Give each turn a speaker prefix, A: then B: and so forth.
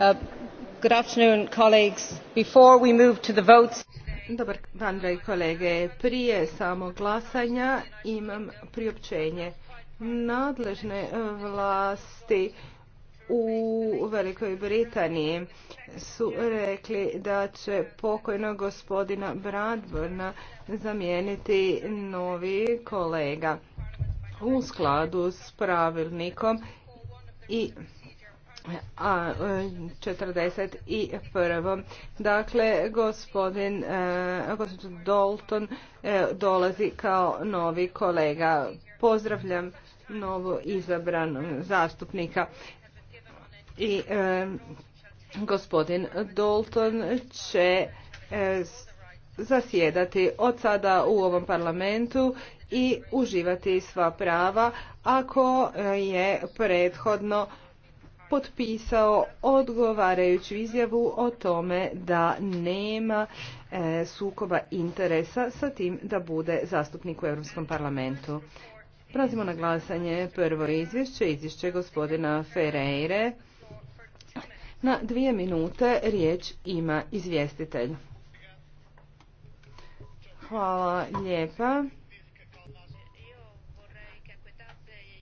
A: Uh, Dobar dan, dragi kolege. Prije samog glasanja imam priopćenje. Nadležne vlasti u Velikoj Britaniji su rekli da će pokojnog gospodina Bradburna zamijeniti novi kolega u skladu s pravilnikom i a 41. E, dakle, gospodin, e, Dalton e, dolazi kao novi kolega. Pozdravljam novo izabranog zastupnika. I gospodin Dalton će zasjedati od sada u ovom parlamentu i uživati sva prava ako je prethodno potpisao odgovarajuću izjavu o tome da nema e, sukoba interesa sa tim da bude zastupnik u Europskom parlamentu. Prazimo na glasanje. Prvo izvješće, izvješće gospodina Ferreire. Na dvije minute riječ ima izvjestitelj. Hvala lijepa.